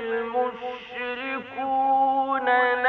المشركون لا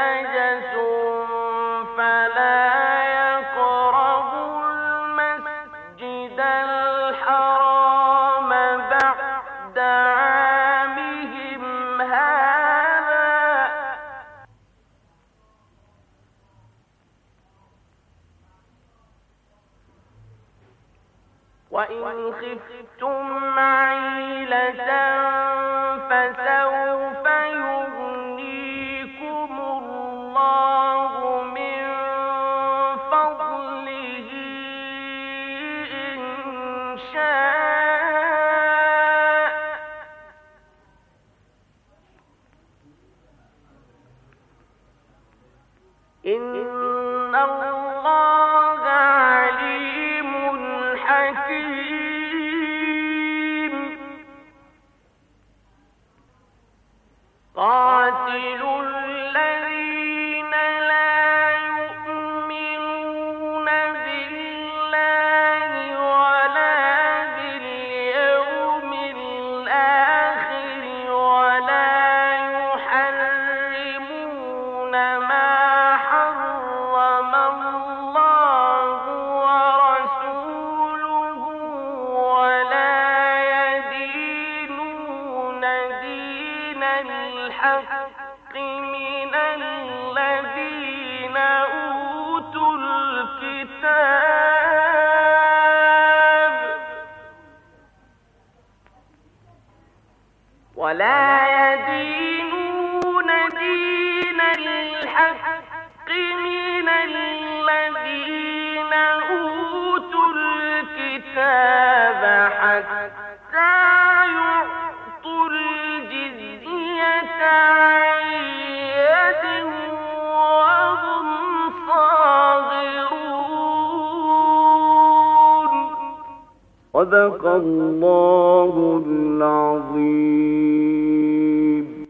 صدق الله العظيم.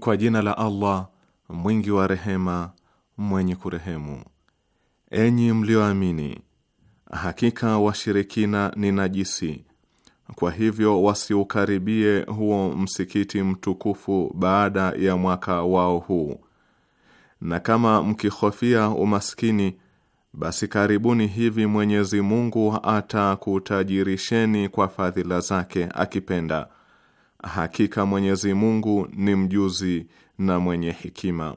Kwa jina la Allah mwingi wa rehema mwenye kurehemu. Enyi mlioamini, Hakika washirikina ni najisi, kwa hivyo wasiukaribie huo msikiti mtukufu baada ya mwaka wao huu. Na kama mkihofia umaskini, basi karibuni hivi Mwenyezi Mungu atakutajirisheni kwa fadhila zake akipenda. Hakika Mwenyezi Mungu ni mjuzi na mwenye hekima.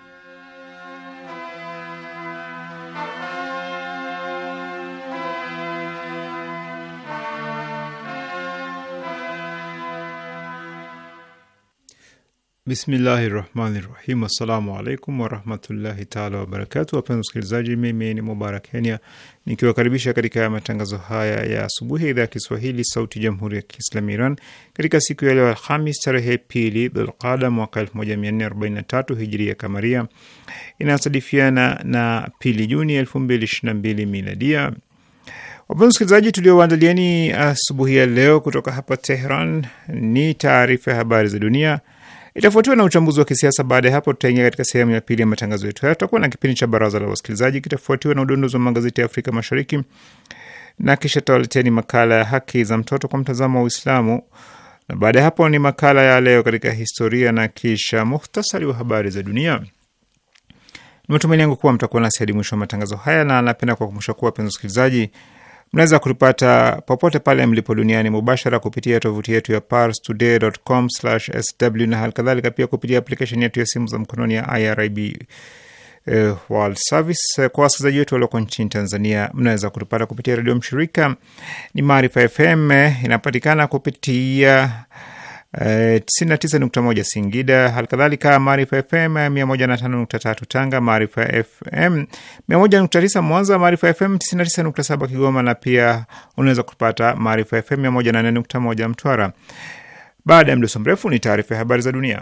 Bismillahi rahmani rahim. Assalamu alaikum warahmatullahi taala wabarakatu. Wapenzi wasikilizaji, mimi ni Mubarak Kenya nikiwakaribisha katika matangazo haya ya asubuhi ya idhaa ya Kiswahili sauti ya jamhuri ya Kiislamu Iran katika siku ya leo Alhamis tarehe pili Dhulqada mwaka 1443 hijiria kamaria inasadifiana na pili Juni 2022 miladia. Wapenzi wasikilizaji, tuliowaandalieni asubuhi ya leo kutoka hapa Tehran ni taarifa ya habari za dunia itafuatiwa na uchambuzi wa kisiasa. Baada ya hapo, tutaingia katika sehemu ya pili ya matangazo yetu haya. Tutakuwa na kipindi cha baraza la wasikilizaji, kitafuatiwa na udondozi wa magazeti ya Afrika Mashariki na kisha tawaleteni makala ya haki za mtoto kwa mtazamo wa Uislamu, na baada ya hapo ni makala ya leo katika historia na kisha muhtasari wa habari za dunia. Ni matumaini yangu kuwa mtakuwa nasi hadi mwisho wa matangazo haya, na napenda kuwakumbusha kuwa, wapenzi wasikilizaji Mnaweza kutupata popote pale mlipo duniani mubashara kupitia tovuti yetu ya parstoday.com/sw na hali kadhalika pia kupitia aplikesheni yetu ya simu za mkononi ya IRIB uh, eh, World Service. Kwa wasikilizaji wetu walioko nchini Tanzania, mnaweza kutupata kupitia redio mshirika ni Maarifa FM, eh, inapatikana kupitia 99.1 eh, Singida, halikadhalika Maarifa FM 105.3 Tanga, Maarifa FM 101.9 Mwanza, Maarifa FM 99.7 Kigoma, na pia unaweza kupata Maarifa FM 104.1 Mtwara. Baada ya mdoso mrefu ni taarifa ya habari za dunia.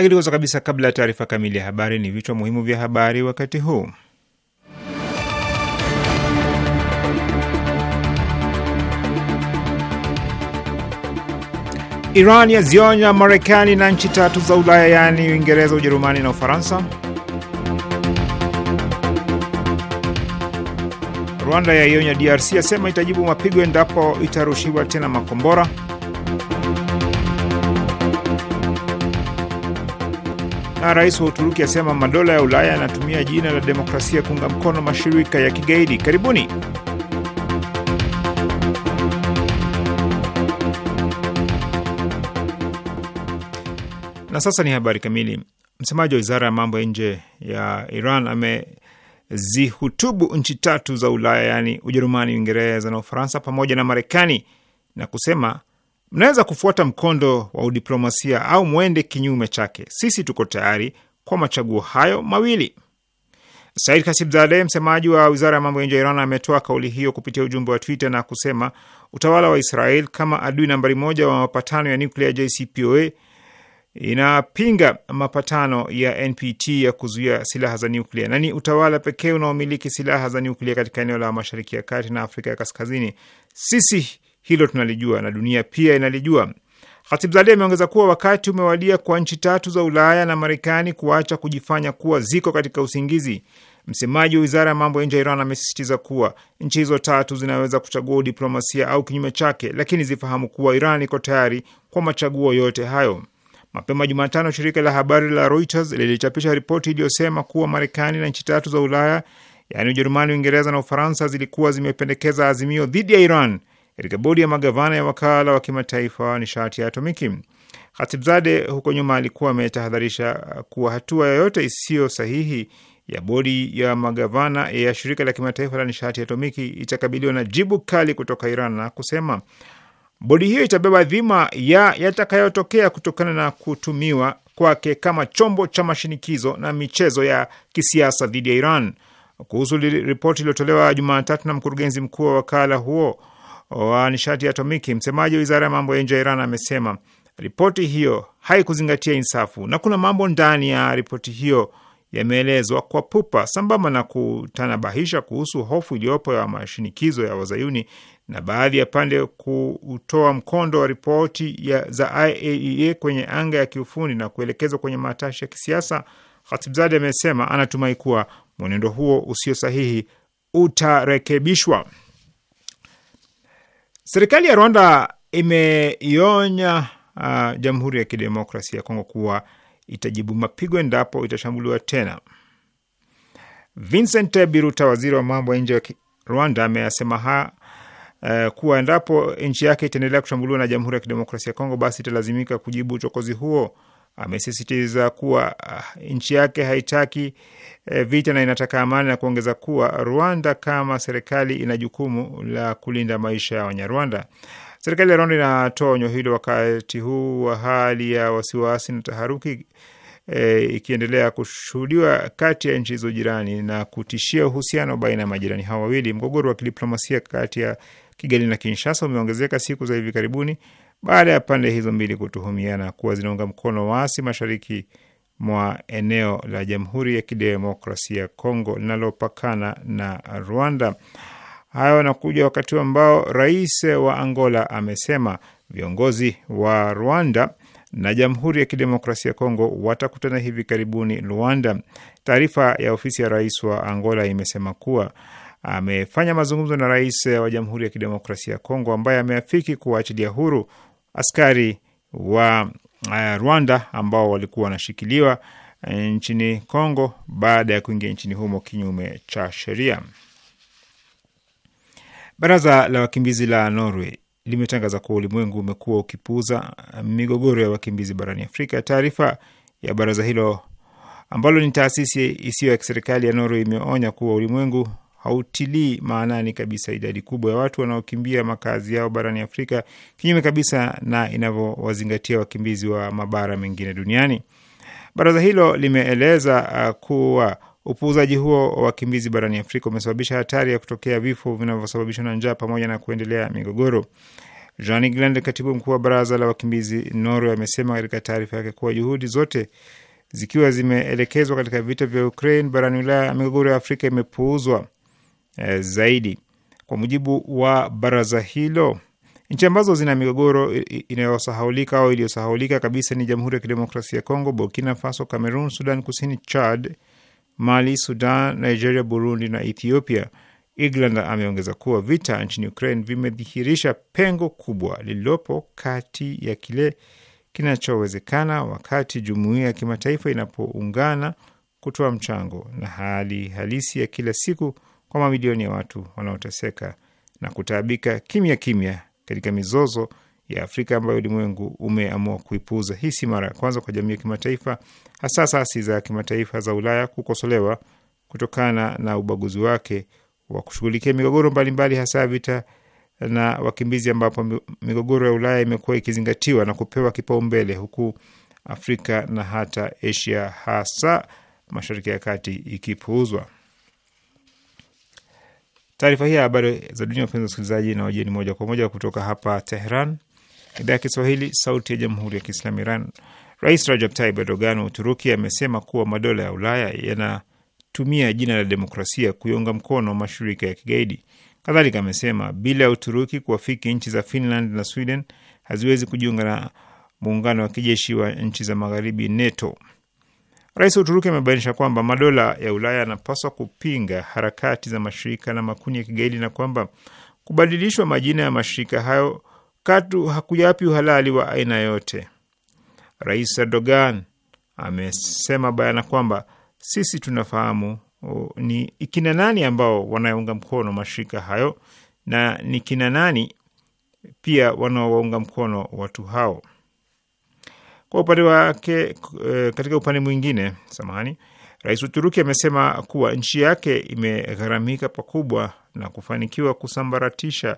Lakini kwanza kabisa, kabla ya taarifa kamili ya habari, ni vichwa muhimu vya habari wakati huu. Iran yazionya Marekani na nchi tatu za Ulaya, yaani Uingereza, Ujerumani na Ufaransa. Rwanda yaionya DRC, yasema itajibu mapigo endapo itarushiwa tena makombora. Rais wa Uturuki asema madola ya Ulaya yanatumia jina la demokrasia kuunga mkono mashirika ya kigaidi. Karibuni. Na sasa ni habari kamili. Msemaji wa wizara ya mambo ya nje ya Iran amezihutubu nchi tatu za Ulaya, yaani Ujerumani, Uingereza na Ufaransa pamoja na Marekani na kusema Mnaweza kufuata mkondo wa udiplomasia au mwende kinyume chake. Sisi tuko tayari kwa machaguo hayo mawili. Said Kasibzadeh, msemaji wa wizara ya mambo ya nje ya Iran, ametoa kauli hiyo kupitia ujumbe wa Twitter na kusema utawala wa Israel kama adui nambari moja wa mapatano ya nuklia JCPOA inapinga mapatano ya NPT ya kuzuia silaha za nuklia na ni utawala pekee unaomiliki silaha za nuklia katika eneo la Mashariki ya Kati na Afrika ya Kaskazini. Sisi hilo tunalijua na dunia pia inalijua. Khatibzadeh ameongeza kuwa wakati umewadia kwa nchi tatu za Ulaya na Marekani kuacha kujifanya kuwa ziko katika usingizi. Msemaji wa wizara ya mambo ya nje ya Iran amesisitiza kuwa nchi hizo tatu zinaweza kuchagua udiplomasia au kinyume chake, lakini zifahamu kuwa Iran iko tayari kwa machaguo yote hayo. Mapema Jumatano, shirika la habari la Reuters lilichapisha ripoti iliyosema kuwa Marekani na nchi tatu za Ulaya, yaani Ujerumani, Uingereza na Ufaransa, zilikuwa zimependekeza azimio dhidi ya Iran katika bodi ya magavana ya wakala wa kimataifa wa nishati ya atomiki. Khatibzade huko nyuma alikuwa ametahadharisha kuwa hatua yoyote isiyo sahihi ya bodi ya magavana ya shirika la kimataifa la nishati ya atomiki itakabiliwa na jibu kali kutoka Iran na kusema bodi hiyo itabeba dhima ya yatakayotokea kutokana na kutumiwa kwake kama chombo cha mashinikizo na michezo ya kisiasa dhidi ya Iran. Kuhusu ripoti iliyotolewa Jumatatu na mkurugenzi mkuu wa wakala huo wa nishati ya atomiki. Msemaji wa wizara ya mambo ya nje ya Iran amesema ripoti hiyo haikuzingatia insafu na kuna mambo ndani ya ripoti hiyo yameelezwa kwa pupa, sambamba na kutanabahisha kuhusu hofu iliyopo ya mashinikizo ya wazayuni na baadhi ya pande kutoa mkondo wa ripoti za IAEA e kwenye anga ya kiufundi na kuelekezwa kwenye matashi ya kisiasa. Khatibzade amesema anatumai kuwa mwenendo huo usio sahihi utarekebishwa. Serikali ya Rwanda imeionya uh, Jamhuri ya Kidemokrasia ya Kongo kuwa itajibu mapigo endapo itashambuliwa tena. Vincent Biruta, waziri wa mambo ya nje wa Rwanda, ameyasema ha uh, kuwa endapo nchi yake itaendelea kushambuliwa na Jamhuri ya Kidemokrasia ya Kongo, basi italazimika kujibu uchokozi huo amesisitiza kuwa ah, nchi yake haitaki e, vita na inataka amani na kuongeza kuwa Rwanda kama serikali ina jukumu la kulinda maisha ya Wanyarwanda. Serikali ya Rwanda inatoa onyo hilo wakati huu wa hali ya wasiwasi na taharuki e, ikiendelea kushuhudiwa kati ya nchi hizo jirani na kutishia uhusiano baina ya majirani hao wawili. Mgogoro wa kidiplomasia kati ya Kigali na Kinshasa umeongezeka siku za hivi karibuni baada ya pande hizo mbili kutuhumiana kuwa zinaunga mkono waasi mashariki mwa eneo la Jamhuri ya Kidemokrasia ya Kongo linalopakana na Rwanda. Hayo anakuja wakati ambao rais wa Angola amesema viongozi wa Rwanda na Jamhuri ya Kidemokrasia ya Kongo watakutana hivi karibuni Luanda. Taarifa ya ofisi ya rais wa Angola imesema kuwa amefanya mazungumzo na rais wa Jamhuri ya Kidemokrasia ya Kongo ambaye ameafiki kuwaachilia huru askari wa eh, Rwanda ambao walikuwa wanashikiliwa eh, nchini Kongo baada ya kuingia nchini humo kinyume cha sheria. Baraza la wakimbizi la Norway limetangaza kuwa ulimwengu umekuwa ukipuuza migogoro ya wakimbizi barani Afrika. Taarifa ya baraza hilo ambalo ni taasisi isiyo ya kiserikali ya Norway imeonya kuwa ulimwengu hautilii maanani kabisa idadi kubwa ya watu wanaokimbia makazi yao barani Afrika, kinyume kabisa na inavyowazingatia wakimbizi wa mabara mengine duniani. Baraza hilo limeeleza uh, kuwa upuuzaji huo wa wakimbizi barani Afrika umesababisha hatari ya kutokea vifo vinavyosababishwa na njaa pamoja na kuendelea migogoro. Jan Egeland, katibu mkuu wa baraza la wakimbizi Norway, amesema katika taarifa yake kuwa juhudi zote zikiwa zimeelekezwa katika vita vya Ukraine barani Ulaya, migogoro ya Afrika imepuuzwa Eh, zaidi. Kwa mujibu wa baraza hilo, nchi ambazo zina migogoro inayosahaulika au iliyosahaulika kabisa ni Jamhuri ya Kidemokrasia ya Kongo, Burkina Faso, Cameroon, Sudan Kusini, Chad, Mali, Sudan, Nigeria, Burundi na Ethiopia. England ameongeza kuwa vita nchini Ukraine vimedhihirisha pengo kubwa lililopo kati ya kile kinachowezekana wakati jumuiya ya kimataifa inapoungana kutoa mchango na hali halisi ya kila siku kwa mamilioni ya watu wanaoteseka na kutaabika kimya kimya katika mizozo ya Afrika ambayo ulimwengu umeamua kuipuuza. Hii si mara ya kwanza kwa jamii ya kimataifa, hasa asasi za kimataifa za Ulaya kukosolewa kutokana na ubaguzi wake wa kushughulikia migogoro mbalimbali, hasa vita na wakimbizi, ambapo migogoro ya Ulaya imekuwa ikizingatiwa na kupewa kipaumbele, huku Afrika na hata Asia, hasa Mashariki ya Kati, ikipuuzwa. Taarifa hii ya habari za dunia, wapenzi wasikilizaji, na wajieni moja kwa moja kutoka hapa Tehran, idhaa ya Kiswahili, sauti ya jamhuri ya kiislamu Iran. Rais Rajab Tayyip Erdogan wa Uturuki amesema kuwa madola ya Ulaya yanatumia jina la demokrasia kuiunga mkono mashirika ya kigaidi. Kadhalika amesema bila ya Uturuki kuwafiki nchi za Finland na Sweden haziwezi kujiunga na muungano wa kijeshi wa nchi za magharibi NATO. Rais wa Uturuki amebainisha kwamba madola ya Ulaya yanapaswa kupinga harakati za mashirika na makundi ya kigaidi na kwamba kubadilishwa majina ya mashirika hayo katu hakuyapi uhalali wa aina yote. Rais Erdogan amesema bayana kwamba sisi tunafahamu ni kina nani ambao wanaunga mkono mashirika hayo na ni kina nani pia wanaowaunga mkono watu hao. Kwa upande wake, eh, katika upande mwingine, samahani, rais Uturuki amesema kuwa nchi yake imegharamika pakubwa na kufanikiwa kusambaratisha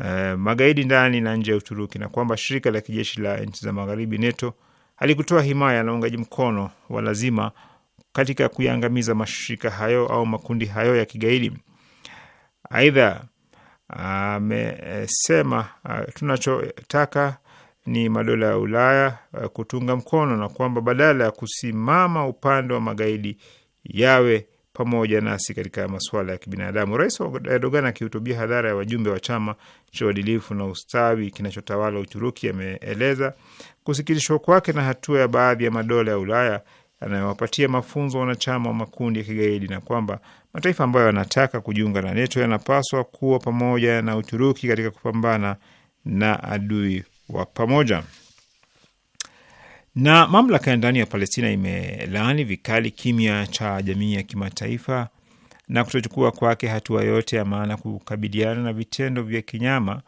uh, magaidi ndani na nje ya Uturuki na kwamba shirika la kijeshi la nchi za magharibi NATO halikutoa himaya na uungaji mkono wa lazima katika kuyaangamiza mashirika hayo au makundi hayo ya kigaidi. Aidha amesema eh, tunachotaka ni madola ya Ulaya eh, kutunga mkono na kwamba badala ya kusimama upande wa magaidi yawe pamoja nasi katika masuala ya kibinadamu. Rais Erdogan akihutubia hadhara ya wajumbe wa chama cha uadilifu na ustawi kinachotawala Uturuki ameeleza kusikitishwa kwake na hatua ya baadhi ya madola ya Ulaya yanayowapatia mafunzo wanachama wa makundi ya kigaidi na kwamba mataifa ambayo yanataka kujiunga na NATO yanapaswa kuwa pamoja na Uturuki katika kupambana na adui wa pamoja. Na mamlaka ya ndani ya Palestina imelaani vikali kimya cha jamii ya kimataifa na kutochukua kwake hatua yote ya maana kukabiliana na vitendo vya kinyama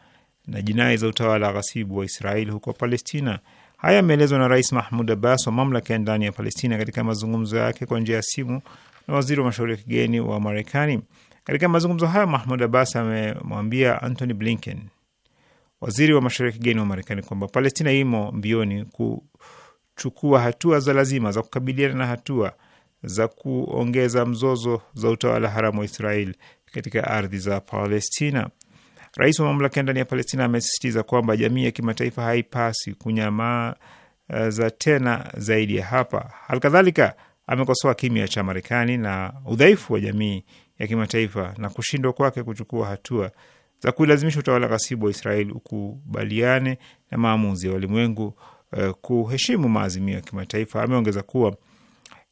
na jinai za utawala ghasibu wa Israeli huko Palestina. Haya yameelezwa na Rais Mahmud Abbas wa mamlaka ya ndani ya Palestina katika mazungumzo yake kwa njia ya simu na waziri wa mashauri ya kigeni wa Marekani. Katika mazungumzo hayo, Mahmud Abbas amemwambia Antony Blinken waziri wa mashauri ya kigeni wa Marekani kwamba Palestina imo mbioni kuchukua hatua za lazima za kukabiliana na hatua za kuongeza mzozo za utawala haramu wa Israel katika ardhi za Palestina. Rais wa mamlaka ya ndani ya Palestina amesisitiza kwamba jamii ya kimataifa haipasi kunyamaza eh, tena zaidi ya hapa. Halikadhalika, amekosoa kimya cha Marekani na udhaifu wa jamii ya kimataifa na kushindwa kwake kuchukua hatua za kuilazimisha utawala ghasibu wa Israeli ukubaliane na maamuzi ya walimwengu eh, kuheshimu maazimio ya kimataifa. Ameongeza kuwa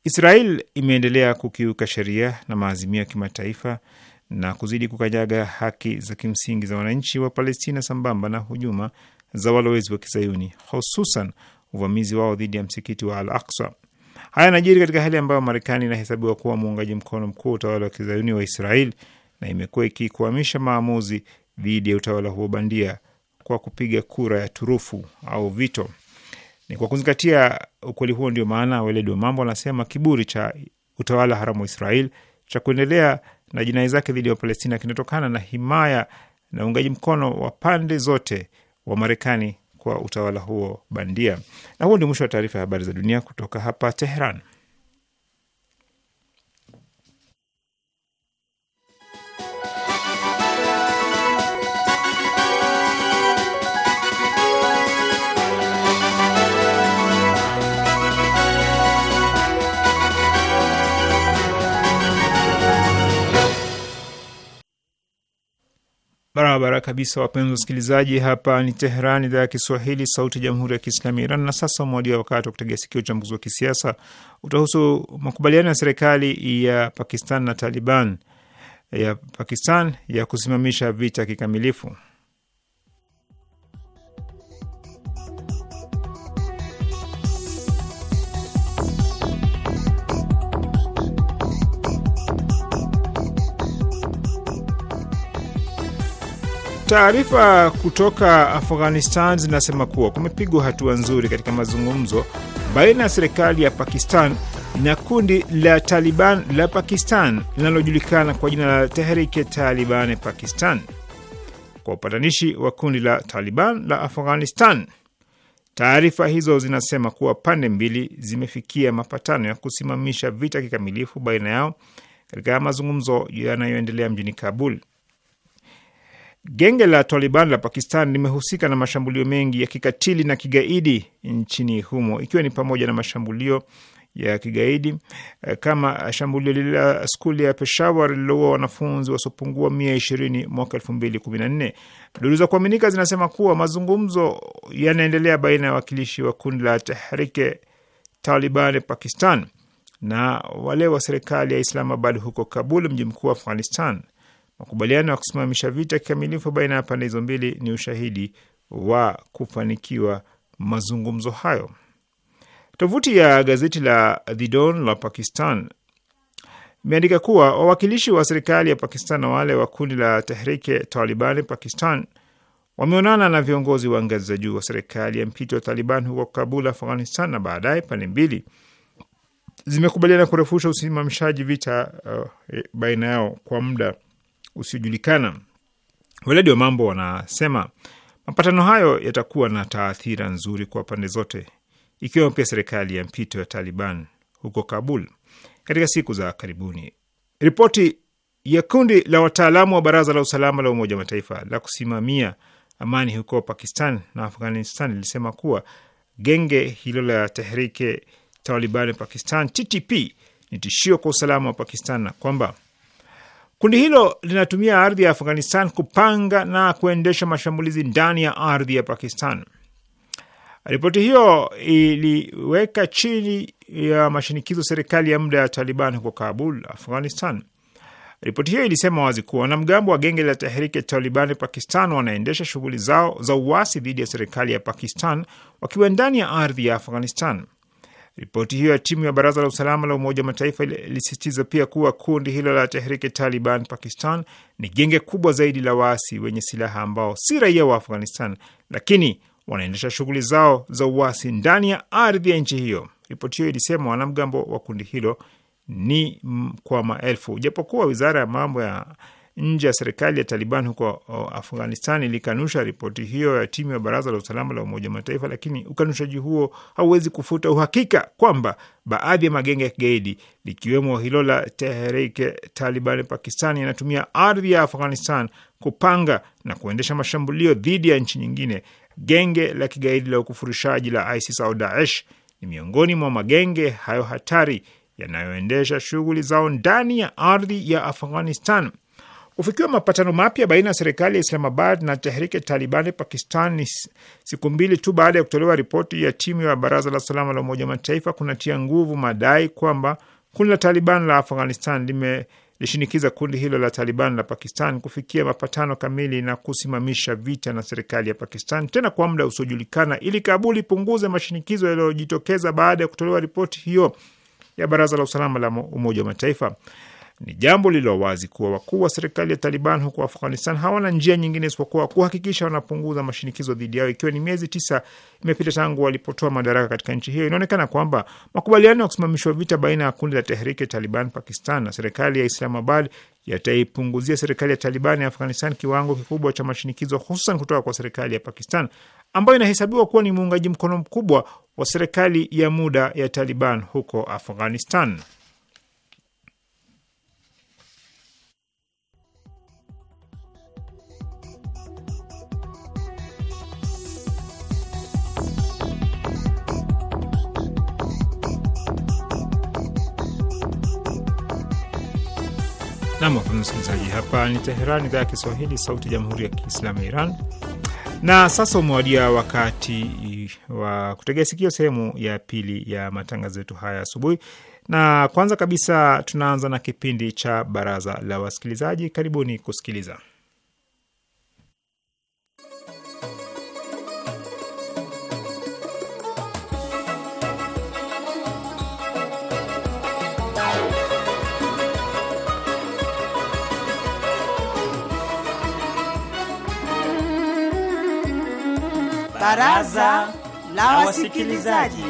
Israel imeendelea kukiuka sheria na maazimio ya kimataifa na kuzidi kukanyaga haki za kimsingi za wananchi wa Palestina sambamba na hujuma za walowezi wa Kizayuni, hususan uvamizi wao dhidi ya msikiti wa Al Aksa. Haya yanajiri katika hali ambayo Marekani inahesabiwa kuwa muungaji mkono mkuu wa utawala wa Kizayuni wa Israel na imekuwa ikikwamisha maamuzi dhidi ya utawala huo bandia kwa kupiga kura ya turufu au vito. Ni kwa kuzingatia ukweli huo ndio maana weledi wa mambo anasema kiburi cha utawala haramu wa Israel cha kuendelea na jinai zake dhidi ya Wapalestina kinatokana na himaya na uungaji mkono wa pande zote wa Marekani kwa utawala huo bandia. Na huo ndio mwisho wa taarifa ya habari za dunia kutoka hapa teheran Barabara kabisa, wapenzi wasikilizaji, hapa ni Teheran, idhaa ya Kiswahili, sauti ya jamhuri ya kiislami ya Iran. Na sasa umewadia wakati wa kutegea sikio. Uchambuzi wa kisiasa utahusu makubaliano ya serikali ya Pakistan na Taliban ya Pakistan ya kusimamisha vita kikamilifu. Taarifa kutoka Afghanistan zinasema kuwa kumepigwa hatua nzuri katika mazungumzo baina ya serikali ya Pakistan na kundi la Taliban la Pakistan linalojulikana kwa jina la Tehrike Taliban Pakistan kwa upatanishi wa kundi la Taliban la Afghanistan. Taarifa hizo zinasema kuwa pande mbili zimefikia mapatano ya kusimamisha vita kikamilifu baina yao katika mazungumzo yanayoendelea mjini Kabul. Genge la Taliban la Pakistan limehusika na mashambulio mengi ya kikatili na kigaidi nchini humo ikiwa ni pamoja na mashambulio ya kigaidi eh, kama shambulio lile la skuli ya Peshawar lililoua wanafunzi wasiopungua mia ishirini mwaka elfu mbili kumi na nne. Duru za kuaminika zinasema kuwa mazungumzo yanaendelea baina ya wakilishi wa kundi la Tehrike Taliban Pakistan na wale wa serikali ya Islamabad huko Kabul, mji mkuu wa Afghanistan. Makubaliano ya kusimamisha vita kikamilifu baina ya pande hizo mbili ni ushahidi wa kufanikiwa mazungumzo hayo. Tovuti ya gazeti la The Dawn la Pakistan imeandika kuwa wawakilishi wa serikali ya Pakistan na wale wa kundi la Tehrike Taliban Pakistan wameonana na viongozi wa ngazi za juu wa serikali ya mpito wa Taliban huko Kabul, Afghanistan, na baadaye pande mbili zimekubaliana kurefusha usimamishaji vita uh, eh, baina yao kwa muda usiojulikana. Weledi wa mambo wanasema mapatano hayo yatakuwa na taathira nzuri kwa pande zote, ikiwemo pia serikali ya mpito ya Taliban huko Kabul katika siku za karibuni. Ripoti ya kundi la wataalamu wa Baraza la Usalama la Umoja wa Mataifa la kusimamia amani huko Pakistan na Afghanistan lilisema kuwa genge hilo la Tehrike Taliban Pakistan TTP ni tishio kwa usalama wa Pakistan na kwamba Kundi hilo linatumia ardhi ya Afghanistan kupanga na kuendesha mashambulizi ndani ya ardhi ya Pakistan. Ripoti hiyo iliweka chini ya mashinikizo serikali ya muda ya Taliban huko Kabul, Afghanistan. Ripoti hiyo ilisema wazi kuwa wanamgambo wa genge la Tahriki ya Taliban Pakistan wanaendesha shughuli zao za uasi dhidi ya serikali ya Pakistan wakiwa ndani ya ardhi ya Afghanistan. Ripoti hiyo ya timu ya baraza la usalama la Umoja wa Mataifa ilisisitiza pia kuwa kundi hilo la Tehriki Taliban Pakistan ni genge kubwa zaidi la waasi wenye silaha ambao si raia wa Afghanistan, lakini wanaendesha shughuli zao za uasi ndani ya ardhi ya nchi hiyo. Ripoti hiyo ilisema wanamgambo wa kundi hilo ni kwa maelfu, japokuwa wizara ya mambo ya nje ya serikali ya Taliban huko Afghanistan ilikanusha ripoti hiyo ya timu ya Baraza la Usalama la Umoja wa Mataifa, lakini ukanushaji huo hauwezi kufuta uhakika kwamba baadhi ya magenge ya kigaidi likiwemo hilo la Tehrik Taliban Pakistan yanatumia ardhi ya Afghanistan kupanga na kuendesha mashambulio dhidi ya nchi nyingine. Genge la kigaidi la ukufurishaji la ISIS au Daesh ni miongoni mwa magenge hayo hatari yanayoendesha shughuli zao ndani ya ardhi ya Afghanistan. Kufikiwa mapatano mapya baina ya serikali ya Islamabad na Tehrike Taliban pakistan siku mbili tu baada ya kutolewa ripoti ya timu ya Baraza la Usalama la Umoja wa Mataifa kunatia nguvu madai kwamba kundi la Taliban la Afghanistan limelishinikiza kundi hilo la Taliban la Pakistan kufikia mapatano kamili na kusimamisha vita na serikali ya Pakistan tena kwa muda usiojulikana, ili Kabul ipunguze mashinikizo yaliyojitokeza baada ya kutolewa ripoti hiyo ya Baraza la Usalama la Umoja wa Mataifa. Ni jambo lililo wazi kuwa wakuu wa serikali ya Taliban huko Afghanistan hawana njia nyingine isipokuwa kuhakikisha wanapunguza mashinikizo dhidi yao. Ikiwa ni miezi tisa imepita tangu walipotoa madaraka katika nchi hiyo, inaonekana kwamba makubaliano ya kusimamishwa vita baina ya kundi la Tehriki Taliban Pakistan na serikali ya Islamabad yataipunguzia serikali ya Taliban ya Afghanistan kiwango kikubwa cha mashinikizo, hususan kutoka kwa serikali ya Pakistan ambayo inahesabiwa kuwa ni muungaji mkono mkubwa wa serikali ya muda ya Taliban huko Afghanistan. Nam, wapenzi msikilizaji, hapa ni Teheran, idhaa ya Kiswahili, sauti ya jamhuri ya kiislamu ya Iran. Na sasa umewadia wakati wa kutegea sikio sehemu ya pili ya matangazo yetu haya asubuhi, na kwanza kabisa tunaanza na kipindi cha baraza la wasikilizaji. Karibuni kusikiliza. Baraza la Wasikilizaji.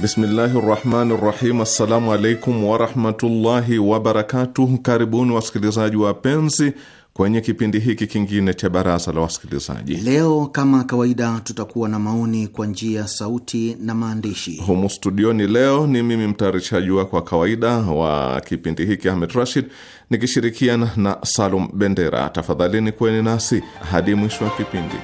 Bismillahi rahmani rahim. Assalamu alaikum warahmatullahi wabarakatuh. Karibuni wasikilizaji wapenzi kwenye kipindi hiki kingine cha baraza la wasikilizaji. Leo kama kawaida, tutakuwa na maoni kwa njia sauti na maandishi humu studioni. Leo ni mimi mtayarishaji wako wa kawaida wa kipindi hiki Ahmed Rashid, nikishirikiana na Salum Bendera. Tafadhalini kweni nasi hadi mwisho wa kipindi.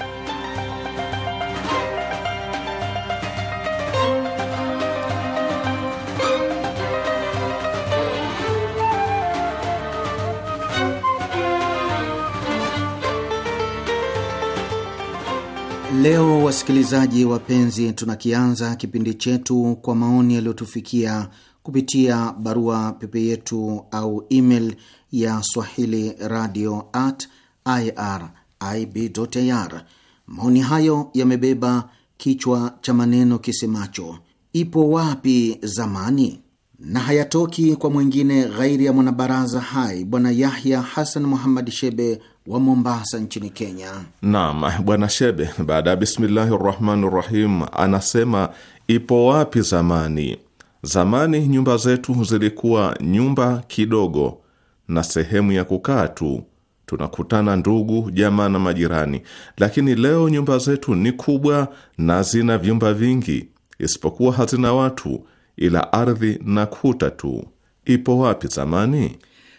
Leo wasikilizaji wapenzi, tunakianza kipindi chetu kwa maoni yaliyotufikia kupitia barua pepe yetu au email ya swahili radio at irib.ir. Maoni hayo yamebeba kichwa cha maneno kisemacho ipo wapi zamani? na hayatoki kwa mwingine ghairi ya mwanabaraza hai Bwana Yahya Hasan Muhammad Shebe wa Mombasa nchini Kenya. Naam, Bwana Shebe baada ya bismillahi rahmani rahim anasema ipo wapi zamani? Zamani nyumba zetu zilikuwa nyumba kidogo na sehemu ya kukaa tu, tunakutana ndugu, jamaa na majirani, lakini leo nyumba zetu ni kubwa na zina vyumba vingi, isipokuwa hazina watu ila ardhi na kuta tu. Ipo wapi zamani?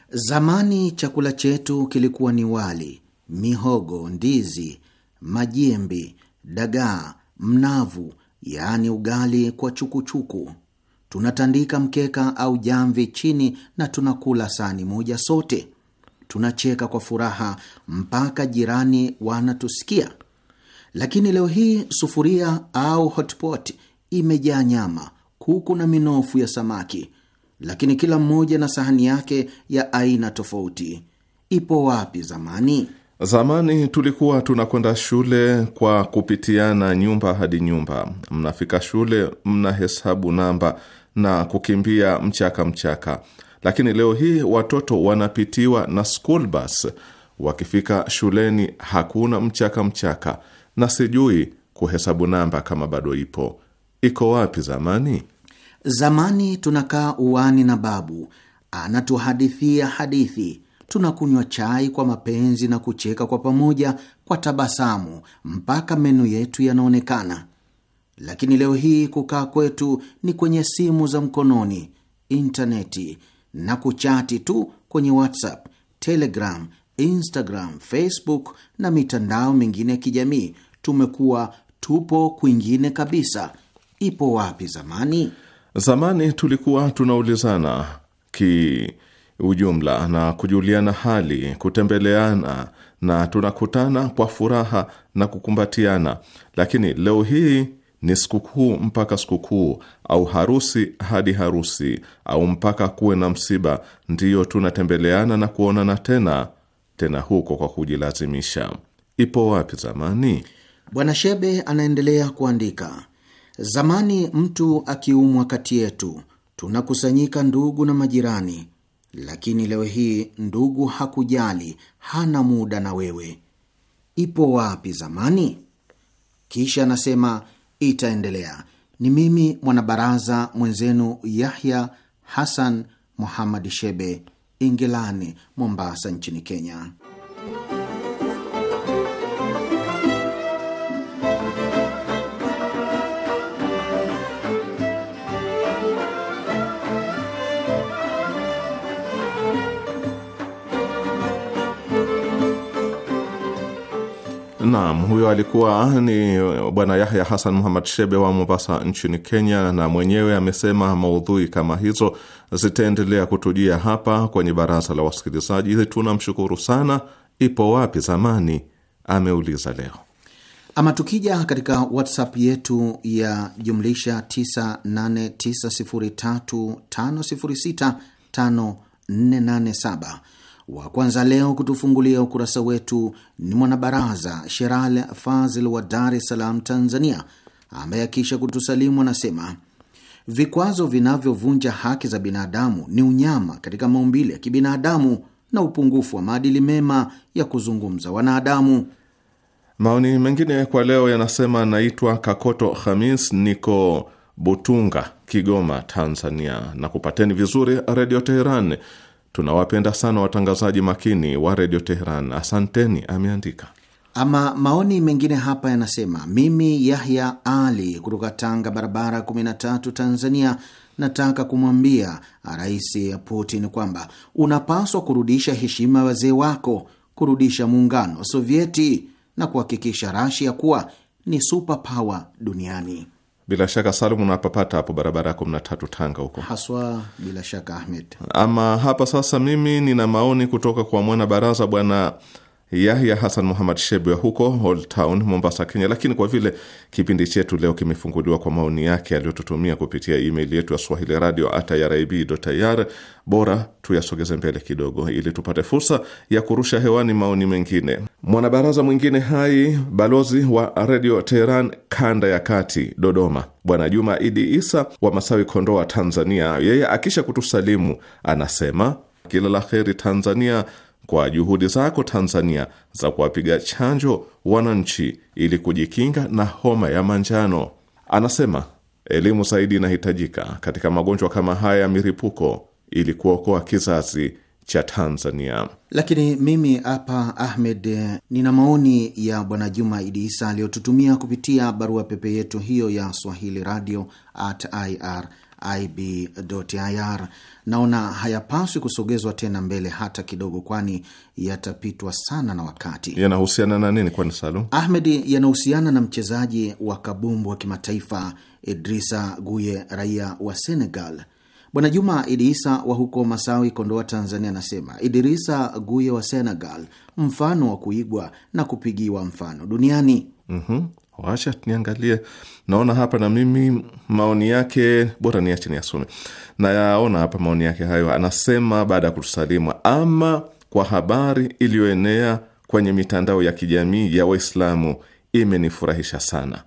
Zamani chakula chetu kilikuwa ni wali, mihogo, ndizi, majembi dagaa, mnavu, yaani ugali kwa chukuchuku Tunatandika mkeka au jamvi chini na tunakula sahani moja sote. Tunacheka kwa furaha mpaka jirani wanatusikia. Lakini leo hii sufuria au hotpot imejaa nyama kuku na minofu ya samaki, lakini kila mmoja na sahani yake ya aina tofauti. Ipo wapi zamani? Zamani tulikuwa tunakwenda shule kwa kupitiana nyumba hadi nyumba. Mnafika shule, mnahesabu namba na kukimbia mchaka mchaka, lakini leo hii watoto wanapitiwa na school bus. Wakifika shuleni hakuna mchaka mchaka, na sijui kuhesabu namba kama bado ipo. Iko wapi zamani? Zamani tunakaa uani na babu anatuhadithia hadithi, tunakunywa chai kwa mapenzi na kucheka kwa pamoja kwa tabasamu mpaka meno yetu yanaonekana. Lakini leo hii kukaa kwetu ni kwenye simu za mkononi, intaneti na kuchati tu kwenye WhatsApp, Telegram, Instagram, Facebook na mitandao mingine ya kijamii. Tumekuwa tupo kwingine kabisa. Ipo wapi zamani? Zamani tulikuwa tunaulizana kiujumla na kujuliana hali, kutembeleana na tunakutana kwa furaha na kukumbatiana, lakini leo hii ni sikukuu mpaka sikukuu, au harusi hadi harusi, au mpaka kuwe na msiba, ndiyo tunatembeleana na kuonana tena tena, huko kwa kujilazimisha. Ipo wapi zamani? Bwana Shebe anaendelea kuandika Zamani mtu akiumwa kati yetu tunakusanyika ndugu na majirani, lakini leo hii ndugu hakujali, hana muda na wewe. Ipo wapi zamani? Kisha anasema itaendelea. Ni mimi mwanabaraza mwenzenu Yahya Hasan Muhamad Shebe, Ingilani, Mombasa nchini Kenya. Naam, huyo alikuwa ni eh, Bwana Yahya Hasan Muhammad Shebe wa Mombasa nchini Kenya, na mwenyewe amesema maudhui kama hizo zitaendelea kutujia hapa kwenye baraza la wasikilizaji. tunamshukuru sana. Ipo wapi zamani, ameuliza leo. Ama tukija katika WhatsApp yetu ya jumlisha 989035065487 wa kwanza leo kutufungulia ukurasa wetu ni mwanabaraza Sheral Fazil wa Dar es Salaam, Tanzania, ambaye akisha kutusalimu anasema vikwazo vinavyovunja haki za binadamu ni unyama katika maumbile ya kibinadamu na upungufu wa maadili mema ya kuzungumza wanadamu. Maoni mengine kwa leo yanasema, naitwa Kakoto Hamis, niko Butunga, Kigoma, Tanzania, na kupateni vizuri Redio Teheran. Tunawapenda sana watangazaji makini wa redio Teheran, asanteni, ameandika. Ama maoni mengine hapa yanasema, mimi Yahya Ali kutoka Tanga, barabara 13, Tanzania, nataka kumwambia Rais Putin kwamba unapaswa kurudisha heshima ya wazee wako, kurudisha muungano wa Sovieti na kuhakikisha Rasia kuwa ni super power duniani. Bila shaka Salum, unapapata hapo barabara ya kumi na tatu Tanga huko haswa. Bila shaka Ahmed. Ama hapa sasa, mimi nina maoni kutoka kwa mwana baraza bwana Yahya Hasan Muhamad Shebwe huko Old Town, Mombasa, Kenya. Lakini kwa vile kipindi chetu leo kimefunguliwa kwa maoni yake aliyotutumia kupitia email yetu ya swahili radio at irib.ir, bora tuyasogeze mbele kidogo ili tupate fursa ya kurusha hewani maoni mengine. Mwanabaraza mwingine hai, balozi wa redio Teheran kanda ya kati, Dodoma, Bwana Juma Idi Isa wa Masawi, Kondoa, Tanzania, yeye akisha kutusalimu anasema kila la heri Tanzania kwa juhudi zako Tanzania za kuwapiga chanjo wananchi ili kujikinga na homa ya manjano. Anasema elimu zaidi inahitajika katika magonjwa kama haya ya miripuko ili kuokoa kizazi cha Tanzania. Lakini mimi hapa Ahmed, nina maoni ya Bwana Juma Idi Isa aliyotutumia kupitia barua pepe yetu hiyo ya swahili radio at ir IB.ir. Naona hayapaswi kusogezwa tena mbele hata kidogo, kwani yatapitwa sana na wakati. Yanahusiana na nini kwani Salu Ahmed? Yanahusiana na mchezaji wa kabumbu wa kimataifa Idrisa Guye, raia wa Senegal. Bwana Juma Idiisa wa huko Masawi, Kondoa, Tanzania, anasema Idrisa Guye wa Senegal mfano wa kuigwa na kupigiwa mfano duniani. Mm -hmm. Wacha niangalie, naona hapa na mimi maoni yake, bora niache niyasome. Nayaona hapa maoni yake hayo. Anasema baada ya kutusalimu, ama kwa habari iliyoenea kwenye mitandao ya kijamii ya Waislamu imenifurahisha sana.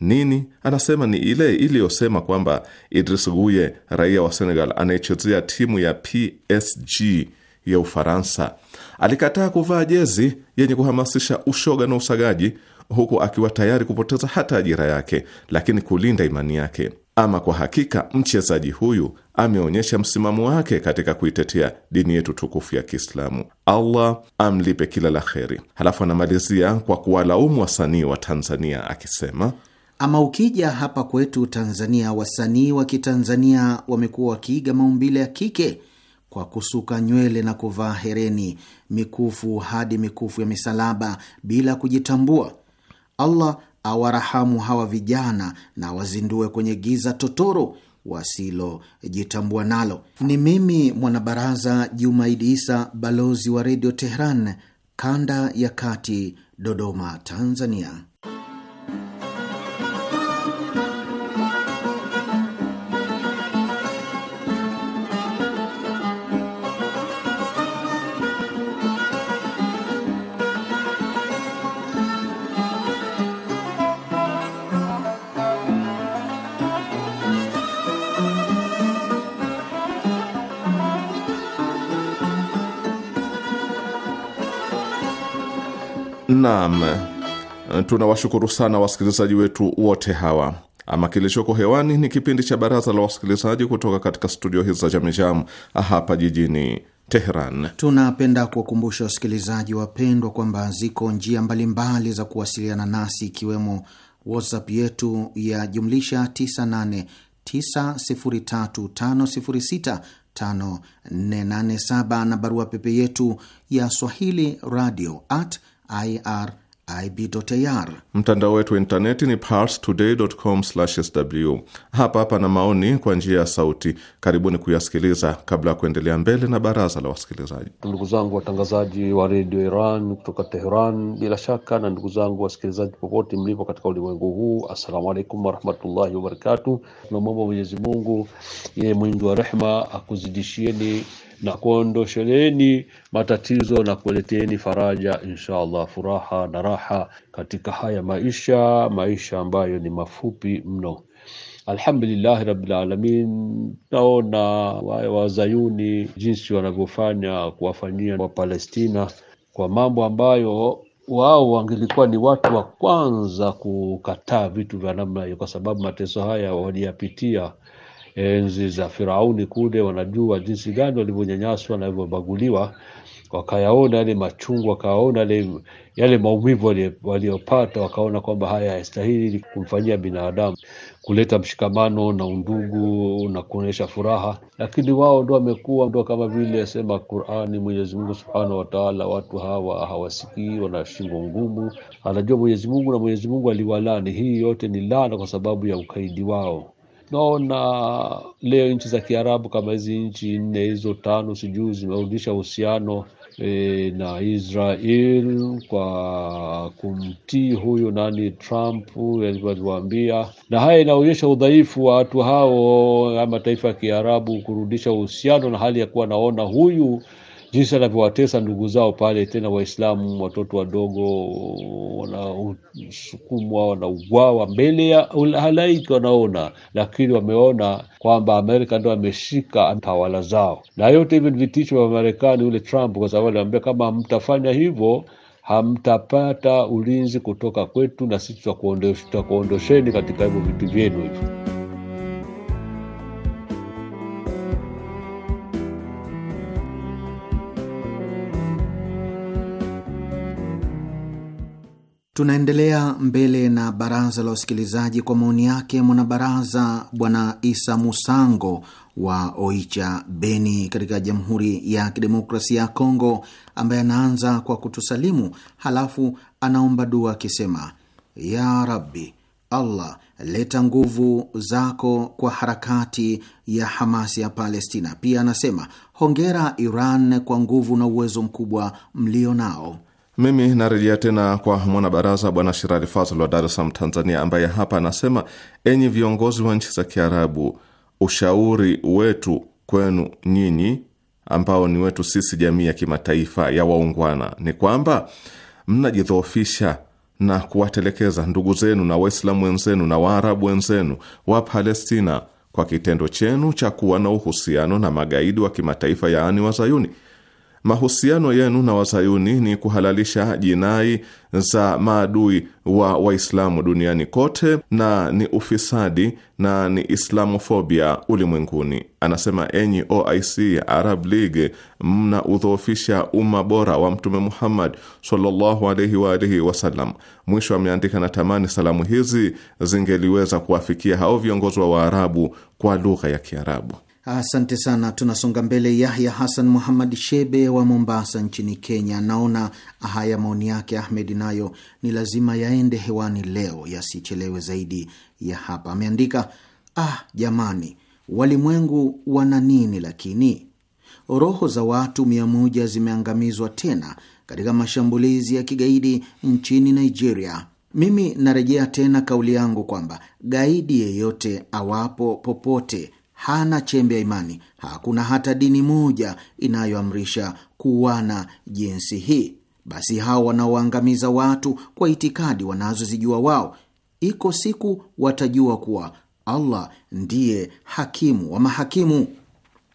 Nini? Anasema ni ile iliyosema kwamba Idris Guye, raia wa Senegal anayechezea timu ya PSG ya Ufaransa, alikataa kuvaa jezi yenye kuhamasisha ushoga na usagaji huku akiwa tayari kupoteza hata ajira yake, lakini kulinda imani yake. Ama kwa hakika mchezaji huyu ameonyesha msimamo wake katika kuitetea dini yetu tukufu ya Kiislamu. Allah amlipe kila la kheri. Halafu anamalizia kwa kuwalaumu wasanii wa Tanzania akisema ama ukija hapa kwetu Tanzania, wasanii wa Kitanzania wamekuwa wakiiga maumbile ya kike kwa kusuka nywele na kuvaa hereni, mikufu hadi mikufu ya misalaba bila kujitambua. Allah awarahamu hawa vijana na wazindue kwenye giza totoro wasilojitambua nalo. Ni mimi mwanabaraza Jumaidi Isa, balozi wa Redio Tehran, kanda ya kati, Dodoma, Tanzania. Naam, tunawashukuru sana wasikilizaji wetu wote hawa. Ama kilichoko hewani ni kipindi cha Baraza la Wasikilizaji kutoka katika studio hizi za Jamijam hapa jijini Teheran. Tunapenda kuwakumbusha wasikilizaji wapendwa kwamba ziko njia mbalimbali mbali za kuwasiliana nasi, ikiwemo WhatsApp yetu ya jumlisha 989035065487 na barua pepe yetu ya swahili radio at irib.ir. Mtandao wetu wa intaneti ni parstoday.com/sw. Hapa hapa na maoni kwa njia ya sauti, karibuni kuyasikiliza kabla ya kuendelea mbele na baraza la wasikilizaji. Ndugu zangu watangazaji wa redio Iran kutoka Teheran, bila shaka na ndugu zangu wasikilizaji popote mlipo katika ulimwengu huu, assalamu alaikum warahmatullahi wabarakatuh. Tunamwomba Mwenyezi Mungu yeye mwingi wa rehma akuzidishieni na kuondosheleni matatizo na kuleteni faraja insha Allah, furaha na raha katika haya maisha, maisha ambayo ni mafupi mno. Alhamdulillahi rabbil alamin. Naona wazayuni jinsi wanavyofanya kuwafanyia Wapalestina kwa mambo ambayo wao wangelikuwa ni watu wa kwanza kukataa vitu vya namna hiyo, kwa sababu mateso haya waliyapitia enzi za Firauni kule, wanajua jinsi gani walivyonyanyaswa na walivyobaguliwa, wakayaona yale machungu, wakaona yale, yale maumivu waliyopata, wakaona kwamba haya hayastahili kumfanyia binadamu, kuleta mshikamano na undugu na kuonyesha furaha. Lakini wao ndo wamekuwa ndo kama vile asema Qurani, Mwenyezi Mungu Subhanahu wa Ta'ala, watu hawa hawasikii, wana shingo ngumu, anajua Mwenyezi Mungu na Mwenyezi Mungu aliwalani. Hii yote ni laana kwa sababu ya ukaidi wao. Naona leo nchi za Kiarabu kama hizi nchi nne hizo tano sijui zimerudisha uhusiano e, na Israel kwa kumtii huyu nani Trump alivyowaambia, na haya inaonyesha udhaifu wa watu hao mataifa ya Kiarabu kurudisha uhusiano, na hali ya kuwa naona huyu jinsi anavyowatesa ndugu zao pale, tena Waislamu, watoto wadogo wanasukumwa, wanaugwawa mbele ya halaiki wanaona, lakini wameona kwamba Amerika ndo ameshika tawala zao, na yote hivyo ni vitisho vya Marekani, yule Trump, kwa sababu aliambia kama hamtafanya hivyo hamtapata ulinzi kutoka kwetu, na sisi tutakuondosheni katika hivyo vitu vyenu hivyo. Tunaendelea mbele na baraza la wasikilizaji kwa maoni yake mwanabaraza Bwana Isa Musango wa Oicha, Beni, katika Jamhuri ya Kidemokrasia ya Kongo, ambaye anaanza kwa kutusalimu halafu anaomba dua akisema: ya Rabbi Allah, leta nguvu zako kwa harakati ya hamas ya Palestina. Pia anasema hongera Iran kwa nguvu na uwezo mkubwa mlio nao. Mimi narejea tena kwa mwanabaraza Bwana Shirali Fazl wa Dar es Salaam, Tanzania, ambaye hapa anasema: enyi viongozi wa nchi za Kiarabu, ushauri wetu kwenu nyinyi ambao ni wetu sisi jamii ya kimataifa ya waungwana ni kwamba mnajidhoofisha na kuwatelekeza ndugu zenu na Waislamu wenzenu na Waarabu wenzenu wa Palestina kwa kitendo chenu cha kuwa na uhusiano na magaidi wa kimataifa, yaani wazayuni. Mahusiano yenu na wazayuni ni kuhalalisha jinai za maadui wa Waislamu duniani kote na ni ufisadi na ni islamofobia ulimwenguni. Anasema, enyi OIC Arab League, mna udhoofisha umma bora wa Mtume Muhammad sallallahu alaihi wa alihi wasallam. Mwisho ameandika, na tamani salamu hizi zingeliweza kuwafikia hao viongozi wa Waarabu kwa lugha ya Kiarabu. Asante sana. Tunasonga mbele. Yahya Hasan muhamad Shebe wa Mombasa nchini Kenya anaona haya maoni yake Ahmed nayo ni lazima yaende hewani leo, yasichelewe zaidi ya hapa. Ameandika, ah, jamani, walimwengu wana nini? Lakini roho za watu mia moja zimeangamizwa tena katika mashambulizi ya kigaidi nchini Nigeria. Mimi narejea tena kauli yangu kwamba gaidi yeyote awapo popote hana chembe ya imani. Hakuna hata dini moja inayoamrisha kuuana jinsi hii. Basi hao wanaoangamiza watu kwa itikadi wanazozijua wao, iko siku watajua kuwa Allah ndiye hakimu wa mahakimu,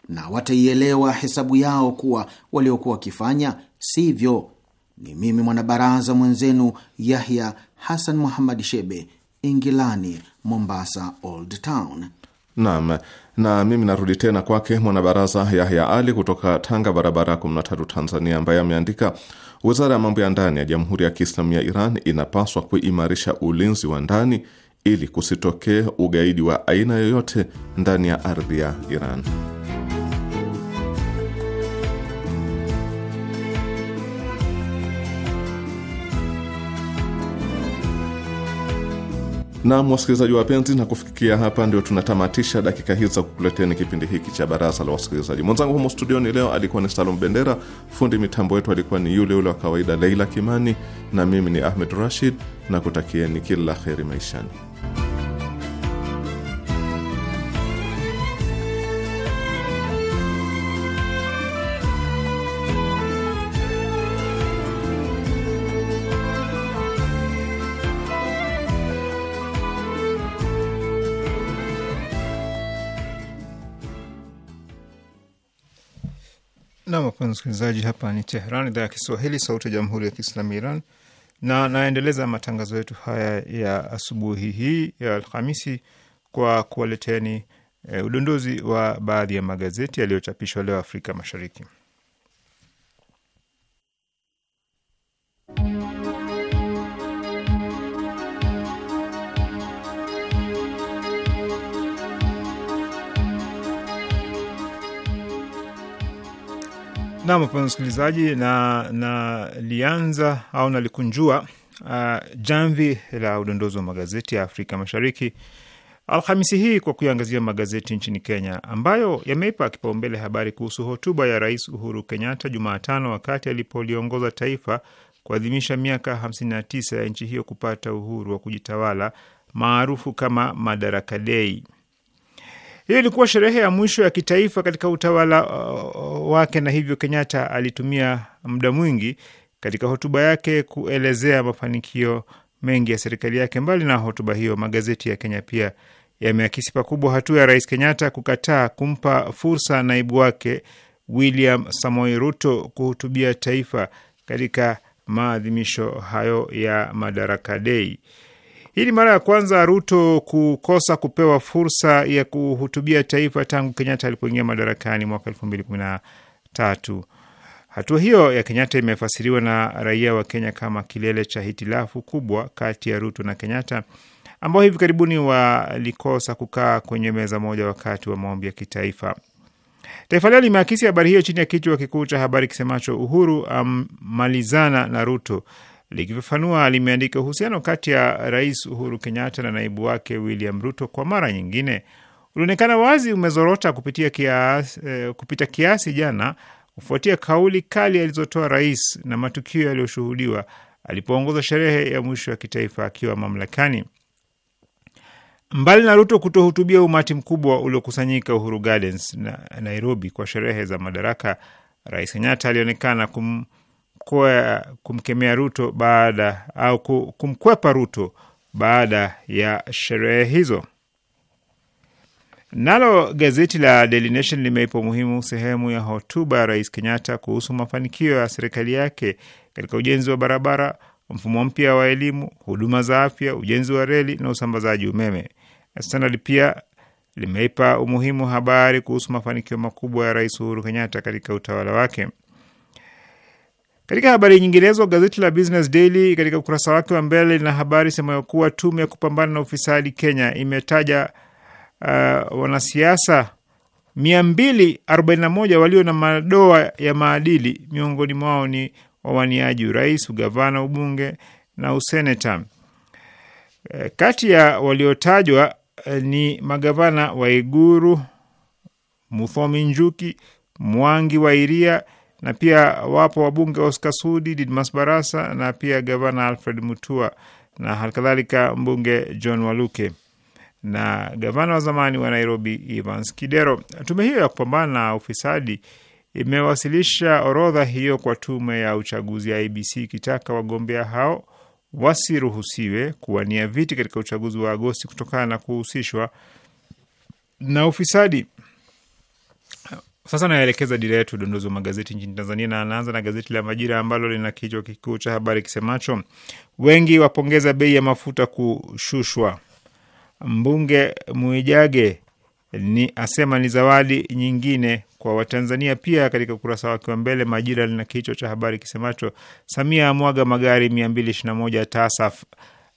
na wataielewa hesabu yao kuwa waliokuwa wakifanya sivyo. Ni mimi mwanabaraza mwenzenu Yahya Hasan Muhammad Shebe, Ingilani, Mombasa, Old Town. Naam na mimi narudi tena kwake mwanabaraza Yahya Ali kutoka Tanga, barabara ya 13 Tanzania, ambaye ameandika Wizara ya mambo ya ndani ya Jamhuri ya Kiislamu ya Iran inapaswa kuimarisha ulinzi wa ndani ili kusitokee ugaidi wa aina yoyote ndani ya ardhi ya Iran. na wasikilizaji wapenzi, na kufikia hapa ndio tunatamatisha dakika hizi za kukuleteni kipindi hiki cha baraza la wasikilizaji. Mwenzangu humo studioni leo alikuwa ni Salum Bendera, fundi mitambo wetu alikuwa ni yule ule wa kawaida Leila Kimani, na mimi ni Ahmed Rashid na kutakieni kila la heri maishani. msikilizaji, hapa ni Tehran, idhaa ya Kiswahili, sauti ya jamhuri ya kiislamu ya Iran, na naendeleza matangazo yetu haya ya asubuhi hii ya Alhamisi kwa kuwaleteni e, udondozi wa baadhi ya magazeti yaliyochapishwa leo Afrika Mashariki. Nam, wapenzi msikilizaji, na nalianza au nalikunjua uh, jamvi la udondozi wa magazeti ya Afrika Mashariki Alhamisi hii kwa kuiangazia magazeti nchini Kenya ambayo yameipa kipaumbele habari kuhusu hotuba ya Rais Uhuru Kenyatta Jumatano wakati alipoliongoza taifa kuadhimisha miaka 59 ya nchi hiyo kupata uhuru wa kujitawala maarufu kama Madaraka Dei. Hiyo ilikuwa sherehe ya mwisho ya kitaifa katika utawala uh, uh, wake, na hivyo Kenyatta alitumia muda mwingi katika hotuba yake kuelezea mafanikio mengi ya serikali yake. Mbali na hotuba hiyo, magazeti ya Kenya pia yameakisi pakubwa hatua ya rais Kenyatta kukataa kumpa fursa naibu wake William Samoei Ruto kuhutubia taifa katika maadhimisho hayo ya Madaraka Dei. Hii ni mara ya kwanza Ruto kukosa kupewa fursa ya kuhutubia taifa tangu Kenyatta alipoingia madarakani mwaka elfu mbili kumi na tatu. Hatua hiyo ya Kenyatta imefasiriwa na raia wa Kenya kama kilele cha hitilafu kubwa kati ya Ruto na Kenyatta ambao hivi karibuni walikosa kukaa kwenye meza moja wakati wa maombi ya kitaifa. Taifa Leo limeakisi habari hiyo chini ya kichwa kikuu cha habari kisemacho Uhuru amalizana na Ruto likifafanua limeandika uhusiano kati ya Rais Uhuru Kenyatta na naibu wake William Ruto kwa mara nyingine ulionekana wazi umezorota kupitia kiasi, eh, kupita kiasi jana kufuatia kauli kali alizotoa rais na matukio yaliyoshuhudiwa alipoongoza sherehe ya mwisho ya kitaifa akiwa mamlakani. Mbali na Ruto kutohutubia umati mkubwa uliokusanyika Uhuru Gardens na Nairobi kwa sherehe za madaraka, Rais Kenyatta alionekana kum kuwa kumkemea Ruto baada au kumkwepa Ruto baada ya sherehe hizo. Nalo gazeti la Daily Nation limeipa umuhimu sehemu ya hotuba ya Rais Kenyatta kuhusu mafanikio ya serikali yake katika ujenzi wa barabara, mfumo mpya wa elimu, huduma za afya, ujenzi wa reli na usambazaji umeme. Standard pia limeipa umuhimu habari kuhusu mafanikio makubwa ya Rais Uhuru Kenyatta katika utawala wake. Katika habari nyinginezo, gazeti la Business Daily katika ukurasa wake wa mbele lina habari semayo kuwa tume ya kupambana na ufisadi Kenya imetaja uh, wanasiasa 241 walio na madoa ya maadili, miongoni mwao ni wawaniaji urais, ugavana, ubunge na useneta. Eh, kati ya waliotajwa eh, ni magavana wa iguru Muthomi Njuki, Mwangi wa Iria na pia wapo wabunge wa Oscar Sudi, Didmas Barasa na pia gavana Alfred Mutua na halikadhalika mbunge John Waluke na gavana wa zamani wa Nairobi Evans Kidero. Tume hiyo ya kupambana na ufisadi imewasilisha orodha hiyo kwa tume ya uchaguzi ya IBC ikitaka wagombea hao wasiruhusiwe kuwania viti katika uchaguzi wa Agosti kutokana na kuhusishwa na ufisadi. Sasa naelekeza dira yetu udondozi wa magazeti nchini Tanzania, na anaanza na gazeti la Majira ambalo lina kichwa kikuu cha habari kisemacho wengi wapongeza bei ya mafuta kushushwa, mbunge Mwijage ni asema ni zawadi nyingine kwa Watanzania. Pia katika ukurasa wake wa mbele Majira lina kichwa cha habari kisemacho Samia amwaga magari 221 TASAF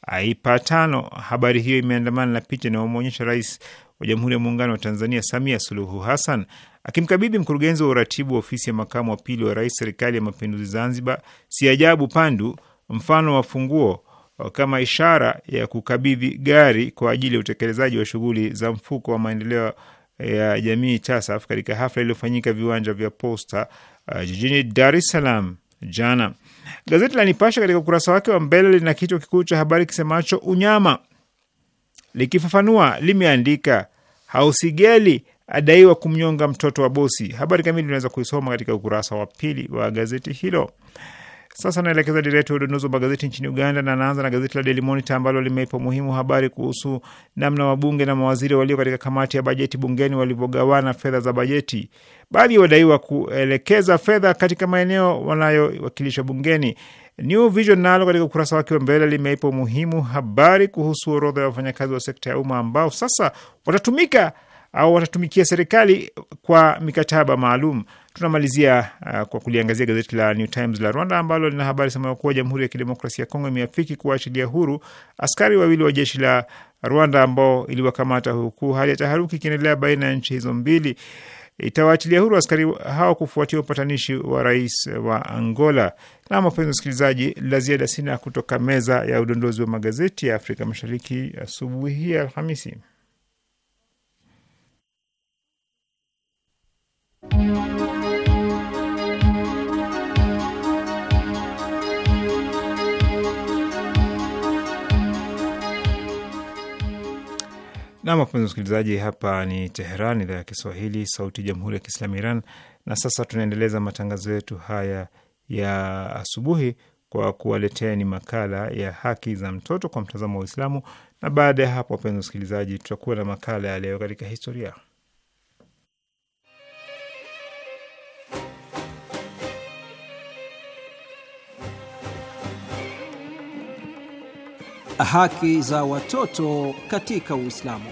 aipa tano. Habari hiyo imeandamana na picha inayomwonyesha rais wa Jamhuri ya Muungano wa Tanzania Samia Suluhu Hassan akimkabidhi mkurugenzi wa uratibu wa ofisi ya makamu wa pili wa rais Serikali ya Mapinduzi Zanzibar Siajabu Pandu mfano wa funguo uh, kama ishara ya kukabidhi gari kwa ajili ya utekelezaji wa shughuli za mfuko wa maendeleo uh, ya jamii TASAF katika hafla iliyofanyika viwanja vya Posta uh, jijini Dar es Salaam jana. Gazeti la Nipasha katika ukurasa wake wa mbele lina kichwa kikuu cha habari kisemacho unyama. Likifafanua limeandika Hausigeli adaiwa kumnyonga mtoto wa bosi. Habari kamili unaweza kuisoma katika ukurasa wa pili wa gazeti hilo. Sasa naelekeza dira yetu ya udondozi wa magazeti nchini Uganda, na naanza na gazeti la Daily Monitor ambalo limeipa umuhimu habari kuhusu namna wabunge na mawaziri walio katika kamati ya bajeti bungeni walivyogawana fedha za bajeti. Baadhi wadaiwa kuelekeza fedha katika maeneo wanayowakilisha bungeni. New Vision nalo katika ukurasa wake wa mbele limeipa umuhimu habari kuhusu orodha ya wafanyakazi wa sekta ya umma ambao sasa watatumika au watatumikia serikali kwa mikataba maalum. Tunamalizia uh, kwa kuliangazia gazeti la New Times la Rwanda ambalo lina habari sema kuwa Jamhuri ya Kidemokrasia ya Kongo imeafiki kuachilia huru askari wawili wa jeshi la Rwanda ambao iliwakamata huku hali ya taharuki ikiendelea baina ya nchi hizo mbili itawaachilia huru askari hao kufuatia upatanishi wa rais wa Angola. Na mapenzi msikilizaji, la ziada sina kutoka meza ya udondozi wa magazeti ya Afrika Mashariki asubuhi hii ya Alhamisi. Nam, wapenzi msikilizaji, hapa ni Teheran, idhaa ya Kiswahili, sauti ya jamhuri ya kiislamu Iran. Na sasa tunaendeleza matangazo yetu haya ya asubuhi kwa kuwaletea ni makala ya haki za mtoto kwa mtazamo wa Uislamu, na baada ya hapo, wapenzi msikilizaji, tutakuwa na makala ya leo katika historia. Haki za watoto katika Uislamu.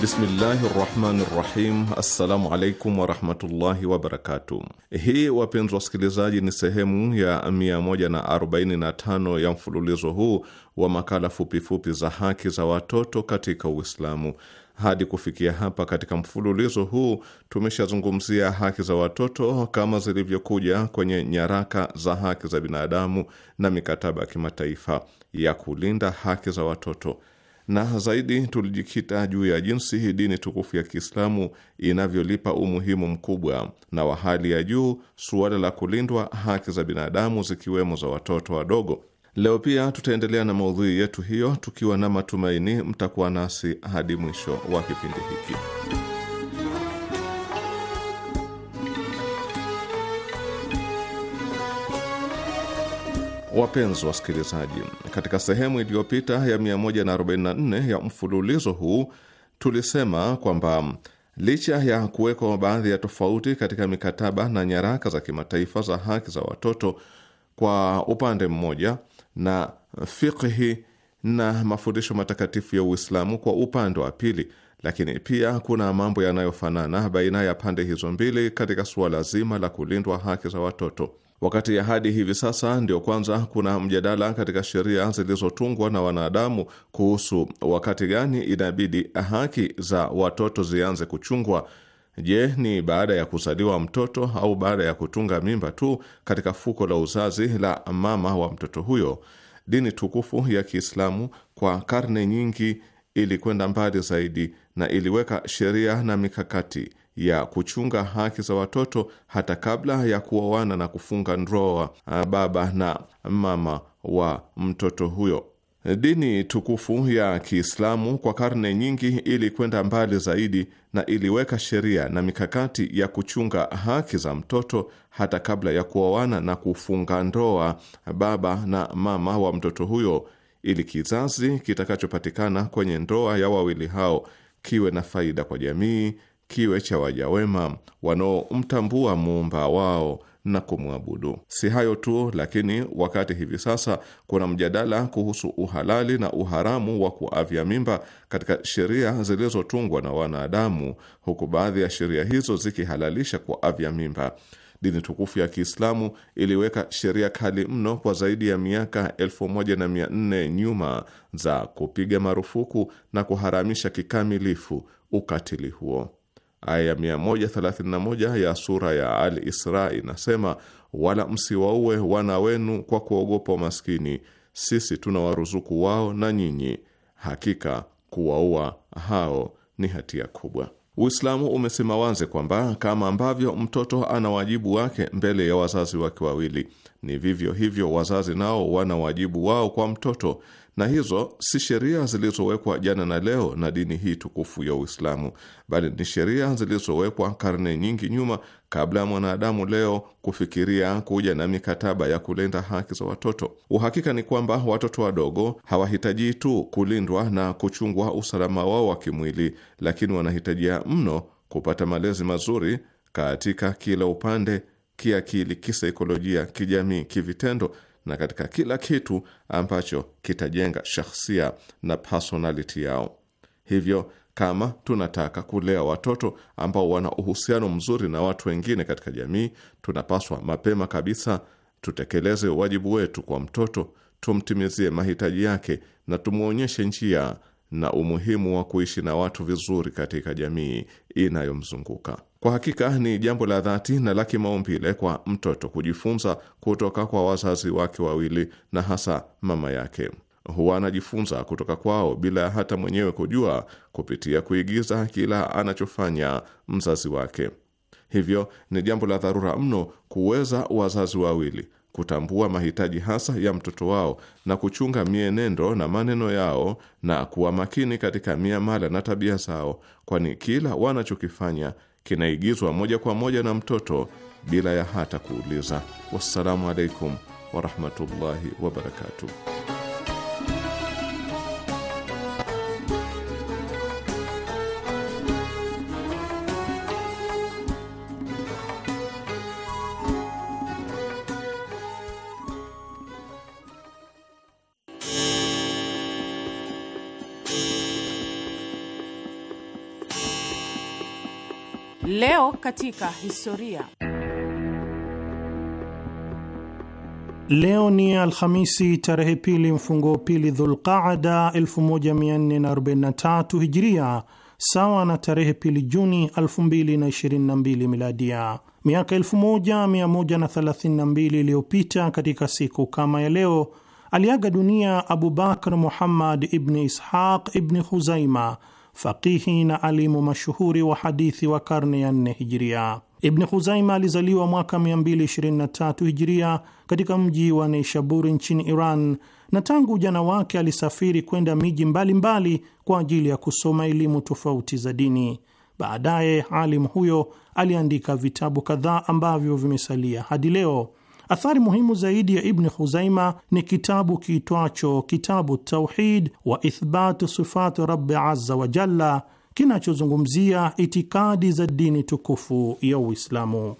Bismillahi rahmani rahim. Assalamu alaikum warahmatullahi wabarakatu. Hii wapenzi wasikilizaji, ni sehemu ya 145 ya mfululizo huu wa makala fupifupi fupi za haki za watoto katika Uislamu hadi kufikia hapa katika mfululizo huu tumeshazungumzia haki za watoto kama zilivyokuja kwenye nyaraka za haki za binadamu na mikataba ya kimataifa ya kulinda haki za watoto, na zaidi tulijikita juu ya jinsi hii dini tukufu ya Kiislamu inavyolipa umuhimu mkubwa na wa hali ya juu suala la kulindwa haki za binadamu zikiwemo za watoto wadogo. Leo pia tutaendelea na maudhui yetu hiyo, tukiwa na matumaini mtakuwa nasi hadi mwisho wa kipindi hiki. Wapenzi wasikilizaji, katika sehemu iliyopita ya 144 ya mfululizo huu tulisema kwamba licha ya kuwekwa baadhi ya tofauti katika mikataba na nyaraka za kimataifa za haki za watoto kwa upande mmoja na fiqhi na mafundisho matakatifu ya Uislamu kwa upande wa pili, lakini pia kuna mambo yanayofanana baina ya pande hizo mbili katika suala zima la kulindwa haki za watoto. Wakati ya hadi hivi sasa ndio kwanza kuna mjadala katika sheria zilizotungwa na wanadamu kuhusu wakati gani inabidi haki za watoto zianze kuchungwa Je, ni baada ya kuzaliwa mtoto au baada ya kutunga mimba tu katika fuko la uzazi la mama wa mtoto huyo? Dini tukufu ya Kiislamu kwa karne nyingi ilikwenda mbali zaidi na iliweka sheria na mikakati ya kuchunga haki za watoto hata kabla ya kuoana na kufunga ndoa ah, baba na mama wa mtoto huyo. Dini tukufu ya Kiislamu kwa karne nyingi ilikwenda mbali zaidi na iliweka sheria na mikakati ya kuchunga haki za mtoto hata kabla ya kuoana na kufunga ndoa baba na mama wa mtoto huyo, ili kizazi kitakachopatikana kwenye ndoa ya wawili hao kiwe na faida kwa jamii, kiwe cha wajawema wanaomtambua muumba wao na kumwabudu. Si hayo tu, lakini wakati hivi sasa kuna mjadala kuhusu uhalali na uharamu wa kuavya mimba katika sheria zilizotungwa na wanadamu, huku baadhi ya sheria hizo zikihalalisha kuavya mimba. Dini tukufu ya Kiislamu iliweka sheria kali mno kwa zaidi ya miaka 1400 nyuma za kupiga marufuku na kuharamisha kikamilifu ukatili huo. Aya ya 131 ya sura ya Al Isra inasema, wala msiwaue wana wenu kwa kuogopa umaskini, sisi tuna waruzuku wao na nyinyi, hakika kuwaua hao ni hatia kubwa. Uislamu umesema wazi kwamba kama ambavyo mtoto ana wajibu wake mbele ya wazazi wake wawili, ni vivyo hivyo wazazi nao wana wajibu wao kwa mtoto na hizo si sheria zilizowekwa jana na leo na dini hii tukufu ya Uislamu, bali ni sheria zilizowekwa karne nyingi nyuma, kabla ya mwanadamu leo kufikiria kuja na mikataba ya kulinda haki za watoto. Uhakika ni kwamba watoto wadogo hawahitaji tu kulindwa na kuchungwa usalama wao wa kimwili, lakini wanahitajia mno kupata malezi mazuri katika kila upande, kiakili, kisaikolojia, kijamii, kivitendo na katika kila kitu ambacho kitajenga shakhsia na personality yao. Hivyo, kama tunataka kulea watoto ambao wana uhusiano mzuri na watu wengine katika jamii, tunapaswa mapema kabisa tutekeleze wajibu wetu kwa mtoto, tumtimizie mahitaji yake na tumwonyeshe njia na umuhimu wa kuishi na watu vizuri katika jamii inayomzunguka. Kwa hakika ni jambo la dhati na la kimaumbile kwa mtoto kujifunza kutoka kwa wazazi wake wawili na hasa mama yake. Huwa anajifunza kutoka kwao bila ya hata mwenyewe kujua, kupitia kuigiza kila anachofanya mzazi wake. Hivyo ni jambo la dharura mno kuweza wazazi wawili kutambua mahitaji hasa ya mtoto wao na kuchunga mienendo na maneno yao na kuwa makini katika miamala na tabia zao, kwani kila wanachokifanya kinaigizwa moja kwa moja na mtoto bila ya hata kuuliza. Wassalamu alaikum warahmatullahi wabarakatuh. Leo katika historia. Leo ni Alhamisi tarehe pili mfungo pili Dhulqaada 1443 Hijria, sawa na tarehe pili Juni 2022 Miladia. Miaka 1132 iliyopita katika siku kama ya leo aliaga dunia Abubakar Muhammad ibni Ishaq ibni Khuzaima faqihi na alimu mashuhuri wa hadithi wa karne ya nne hijiria. Ibni Khuzaima alizaliwa mwaka 223 hijiria katika mji wa Neishaburi nchini Iran, na tangu ujana wake alisafiri kwenda miji mbalimbali mbali kwa ajili ya kusoma elimu tofauti za dini. Baadaye alimu huyo aliandika vitabu kadhaa ambavyo vimesalia hadi leo. Athari muhimu zaidi ya Ibni Khuzaima ni kitabu kiitwacho Kitabu Tauhid wa Ithbatu Sifati Rabbi Azza wa Jalla kinachozungumzia itikadi za dini tukufu ya Uislamu.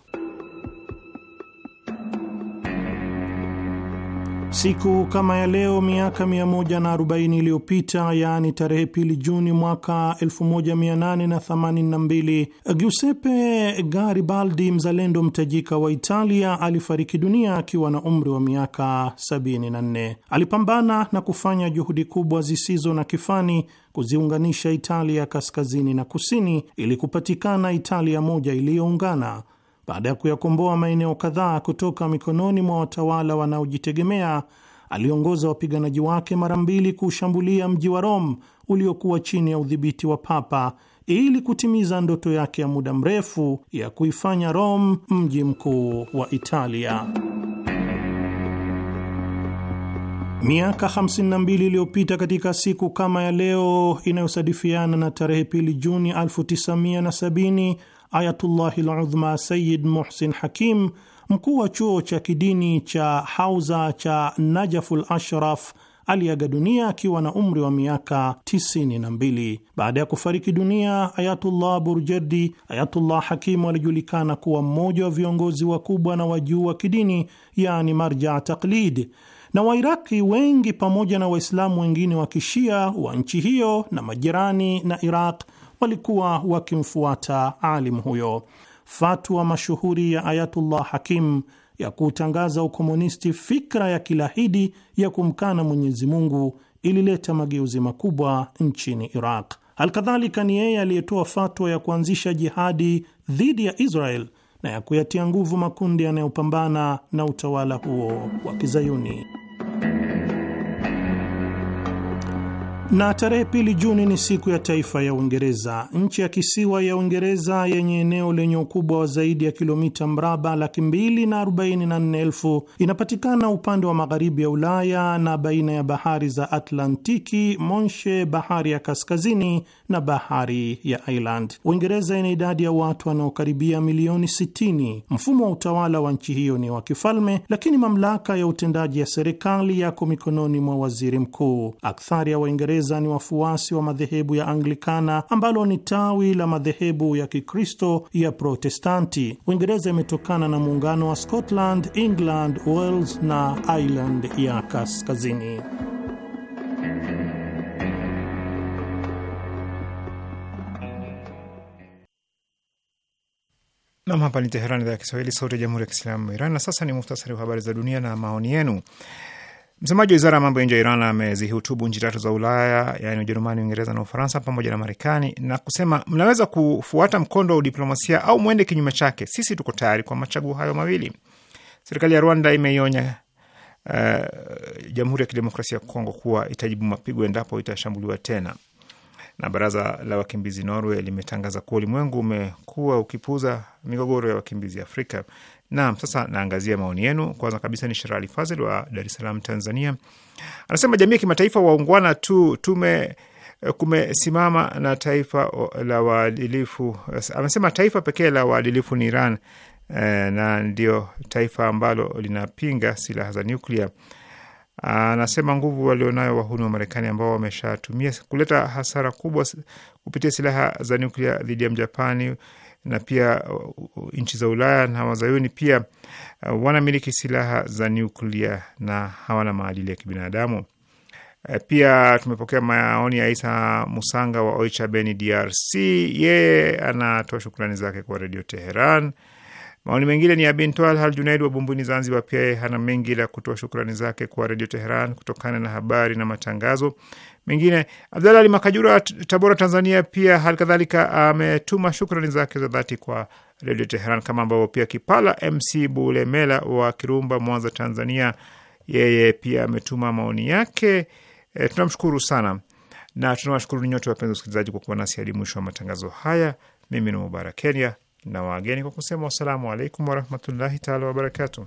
Siku kama ya leo miaka 140 iliyopita, yaani tarehe pili Juni mwaka 1882, Giuseppe Garibaldi, mzalendo mtajika wa Italia, alifariki dunia akiwa na umri wa miaka 74. Alipambana na kufanya juhudi kubwa zisizo na kifani kuziunganisha Italia kaskazini na kusini ili kupatikana Italia moja iliyoungana baada ya kuyakomboa maeneo kadhaa kutoka mikononi mwa watawala wanaojitegemea, aliongoza wapiganaji wake mara mbili kuushambulia mji wa Rome uliokuwa chini ya udhibiti wa papa ili kutimiza ndoto yake ya muda mrefu ya kuifanya Rome mji mkuu wa Italia. Miaka 52 iliyopita katika siku kama ya leo inayosadifiana na tarehe pili Juni 1970 Ayatullahi Ludhma Sayid Muhsin Hakim, mkuu wa chuo cha kidini cha Hauza cha najafu Ashraf aliaga dunia akiwa na umri wa miaka 92. Baada ya kufariki dunia Ayatullah Burjerdi, Ayatullah Hakimu alijulikana kuwa mmoja wa viongozi wakubwa na wajuu wa kidini, yani marja taqlid, na Wairaqi wengi pamoja na Waislamu wengine wa kishia wa nchi hiyo na majirani na Iraq walikuwa wakimfuata alimu huyo. Fatwa mashuhuri ya Ayatullah Hakim ya kutangaza ukomunisti, fikra ya kilahidi ya kumkana Mwenyezi Mungu, ilileta mageuzi makubwa nchini Iraq. Alkadhalika ni yeye aliyetoa fatwa ya kuanzisha jihadi dhidi ya Israel na ya kuyatia nguvu makundi yanayopambana na utawala huo wa Kizayuni. Na tarehe pili Juni ni siku ya taifa ya Uingereza. Nchi ya kisiwa ya Uingereza yenye eneo lenye ukubwa wa zaidi ya kilomita mraba laki mbili na arobaini na nne elfu inapatikana upande wa magharibi ya Ulaya na baina ya bahari za Atlantiki, Monshe, bahari ya kaskazini na bahari ya Ireland. Uingereza ina idadi ya watu wanaokaribia milioni 60. Mfumo wa utawala wa nchi hiyo ni wa kifalme, lakini mamlaka ya utendaji ya serikali yako mikononi mwa waziri mkuu. Akthari ya Waingereza Uingereza ni wafuasi wa madhehebu ya Anglikana ambalo ni tawi la madhehebu ya Kikristo ya Protestanti. Uingereza imetokana na muungano wa Scotland, England, Wales na Ireland ya Kaskazini. Nam, hapa ni Teherani, idhaa ya Kiswahili, sauti ya jamhuri ya kiislamu Iran. Na sasa ni muhtasari wa habari za dunia na maoni yenu. Msemaji wa wizara ya mambo ya nje ya Iran amezihutubu nchi tatu za Ulaya, yaani Ujerumani, Uingereza na Ufaransa pamoja na Marekani, na kusema mnaweza kufuata mkondo wa udiplomasia au mwende kinyume chake. Sisi tuko tayari kwa machaguo hayo mawili. Serikali ya Rwanda imeionya uh, Jamhuri ya Kidemokrasia ya Kongo kuwa itajibu mapigo endapo itashambuliwa tena. Na baraza la wakimbizi Norway limetangaza kuwa ulimwengu umekuwa ukipuuza migogoro ya wakimbizi Afrika. Naam, sasa naangazia maoni yenu. Kwanza kabisa ni Sherali Fazil wa Dar es Salaam, Tanzania, anasema jamii ya kimataifa waungwana tu tume eh, kumesimama na taifa la waadilifu. Amesema taifa pekee la waadilifu ni Iran eh, na ndio taifa ambalo linapinga silaha za nyuklia. Anasema nguvu walionayo wahuni wa Marekani ambao wameshatumia kuleta hasara kubwa kupitia silaha za nyuklia dhidi ya Mjapani na pia uh, nchi za Ulaya na wazayuni pia uh, wanamiliki silaha za nyuklia na hawana maadili ya kibinadamu. Uh, pia tumepokea maoni ya Isa Musanga wa Oicha Beni, DRC. Yeye anatoa shukrani zake kwa Redio Teheran. Maoni mengine ni ya Bintwal Hal Junaid wa Bumbuni, Zanzibar. Pia hana mengi la kutoa shukrani zake kwa Redio Teheran kutokana na habari na matangazo mengine. Abdalla Ali Makajura, Tabora, Tanzania, pia kadhalika ametuma shukrani zake za dhati kwa Redio Teheran, kama ambavyo pia Kipala MC Bulemela wa Kirumba, Mwanza, Tanzania, yeye pia ametuma maoni yake. E, tunamshukuru sana na tunawashukuru nyote wapenzi wasikilizaji kwa kuwa nasi hadi mwisho wa matangazo haya. Mimi ni Mubarak Kenya na wageni kwa kusema wassalamu alaikum warahmatullahi taala wabarakatu.